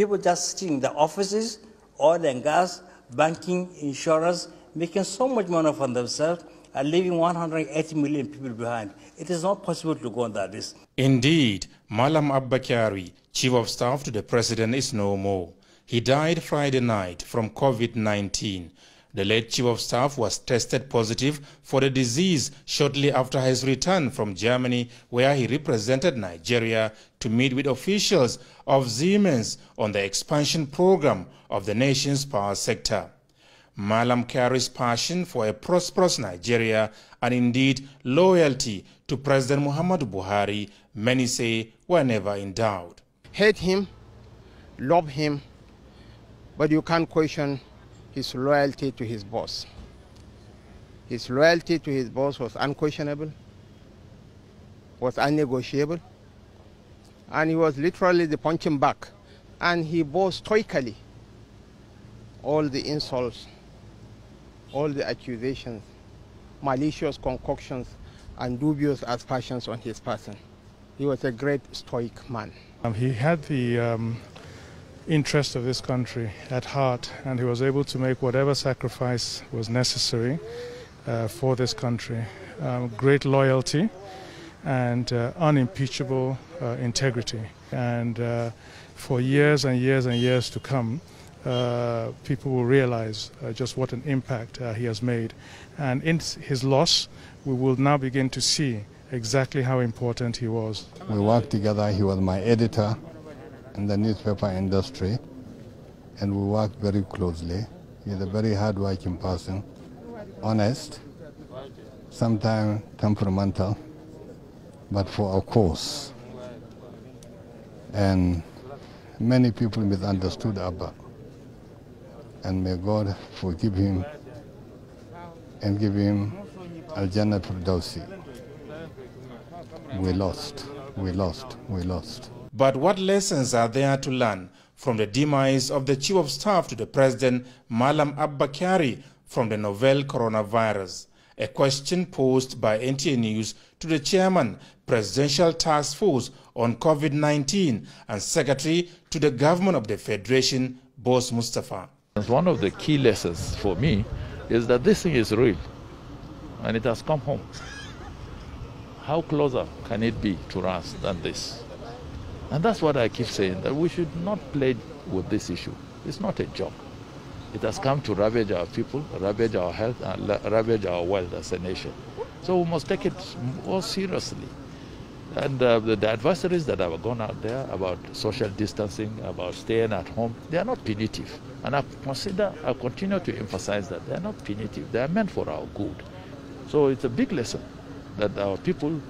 People just sitting in the offices, oil and gas, banking, insurance, making so much money for themselves and leaving 180 million people behind. It is not possible to go on that list. Indeed, Malam Abba Kyari, chief of staff to the president, is no more. He died Friday night from COVID 19. The late chief of staff was tested positive for the disease shortly after his return from Germany, where he represented Nigeria to meet with officials of Siemens on the expansion program of the nation's power sector. Malam Kari's passion for a prosperous Nigeria and indeed loyalty to President Muhammad Buhari, many say, were never in doubt. Hate him, love him, but you can't question his loyalty to his boss. His loyalty to his boss was unquestionable, was unnegotiable, and he was literally the punching back. And he bore stoically all the insults, all the accusations, malicious concoctions, and dubious aspersions on his person. He was a great stoic man. Um, he had the um interest of this country at heart, and he was able to make whatever sacrifice was necessary uh, for this country. Um, great loyalty and uh, unimpeachable uh, integrity. And uh, for years and years and years to come, uh, people will realize uh, just what an impact he has made. And in his loss, we will now begin to see exactly how important he was. We worked together. He was my editor in the newspaper industry and we work very closely. He's a very hard-working person, honest, sometimes temperamental, but for a cause. And many people misunderstood Abba. And may God forgive him and give him Al-Jannah Firdausi. We lost, we lost, we lost. But what lessons are there to learn from the demise of the Chief of Staff to the President, Malam Abba Kyari, from the novel coronavirus? A question posed by NTA News to the Chairman, Presidential Task Force on COVID-19 and Secretary to the Government of the Federation, Boss Mustafa. One of the key lessons for me is that this thing is real and it has come home. How closer can it be to us than this? And that's what I keep saying, that we should not play with this issue. It's not a joke. It has come to ravage our people, ravage our health, uh, and ravage our wealth as a nation. So we must take it more seriously. And uh, the, the, advisories that have gone out there about social distancing, about staying at home, they are not punitive. And I consider, I continue to emphasize that they are not punitive. They are meant for our good. So it's a big lesson that our people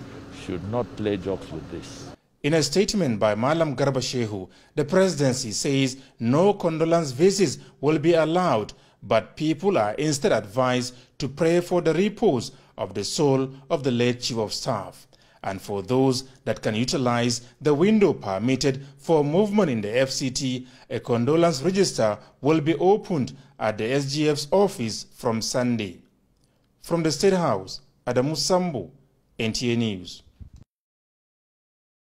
should not play jokes with this. In a statement by Malam Garba Shehu, the presidency says no condolence visits will be allowed, but people are instead advised to pray for the repose of the soul of the late Chief of Staff and for those that can utilize the window permitted for movement in the FCT, a condolence register will be opened at the SGF's office from Sunday. From the State House, Adamu Sambu, NTA News.